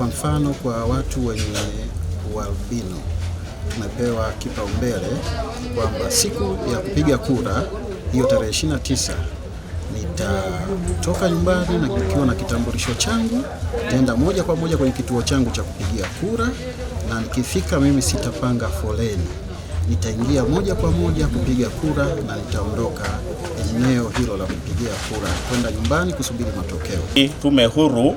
Kwa mfano kwa watu wenye ualbino tumepewa kipaumbele kwamba siku ya kupiga kura hiyo tarehe 29 nitatoka nyumbani na nikiwa na kitambulisho changu, nitaenda moja kwa moja kwenye kituo changu cha kupigia kura, na nikifika mimi sitapanga foleni, nitaingia moja kwa moja kupiga kura na nitaondoka eneo hilo la kupigia kura kwenda nyumbani kusubiri matokeo. Tume huru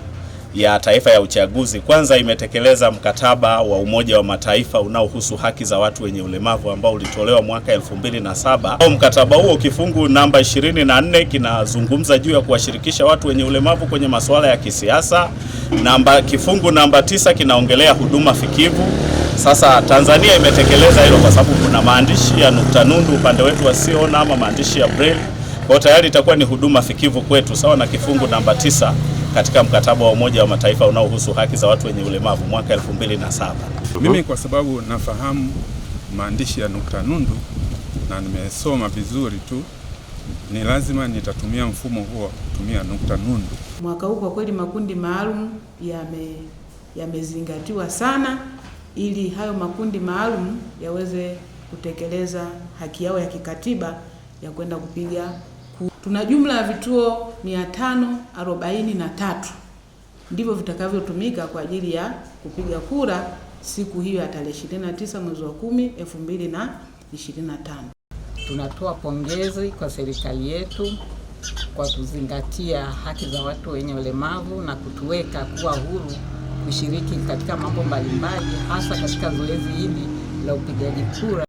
ya Taifa ya Uchaguzi, kwanza imetekeleza mkataba wa Umoja wa Mataifa unaohusu haki za watu wenye ulemavu ambao ulitolewa mwaka 2007. Mkataba huo kifungu namba 24 kinazungumza juu ya kuwashirikisha watu wenye ulemavu kwenye masuala ya kisiasa. Namba kifungu namba tisa kinaongelea huduma fikivu. Sasa Tanzania imetekeleza hilo kwa sababu kuna maandishi ya nukta nundu upande wetu wasioona ama maandishi ya braille, kwa tayari itakuwa ni huduma fikivu kwetu, sawa na kifungu namba tisa katika mkataba wa Umoja wa Mataifa unaohusu haki za watu wenye ulemavu mwaka 2007. Mimi kwa sababu nafahamu maandishi ya nukta nundu na nimesoma vizuri tu, ni lazima nitatumia mfumo huo wa kutumia nukta nundu. Mwaka huu kwa kweli makundi maalum yamezingatiwa ya sana ili hayo makundi maalum yaweze kutekeleza haki yao ya kikatiba ya kwenda kupiga mkuu. Tuna jumla ya vituo 543 ndivyo vitakavyotumika kwa ajili ya kupiga kura siku hiyo ya tarehe 29 mwezi wa 10 2025. Tunatoa pongezi kwa serikali yetu kwa kuzingatia haki za watu wenye ulemavu na kutuweka kuwa huru kushiriki katika mambo mbalimbali hasa katika zoezi hili la upigaji kura.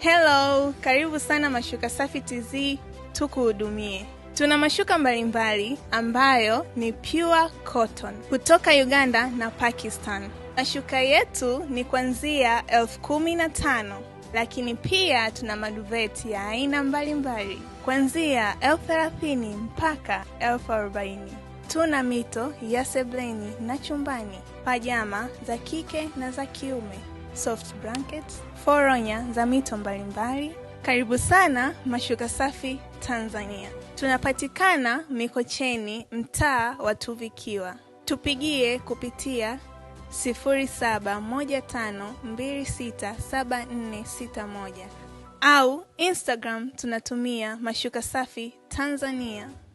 Hello, karibu sana Mashuka Safi TZ, tukuhudumie. Tuna mashuka mbalimbali ambayo ni pure cotton kutoka Uganda na Pakistan. Mashuka yetu ni kuanzia 15 lakini pia tuna maduveti ya aina mbalimbali kuanzia 30 mpaka 40 Tuna mito ya sebleni na chumbani, pajama za kike na za kiume, soft blankets foronya za mito mbalimbali. Karibu sana Mashuka Safi Tanzania. Tunapatikana Mikocheni, mtaa wa Tuvikiwa. Tupigie kupitia 0715267461 au Instagram tunatumia Mashuka Safi Tanzania.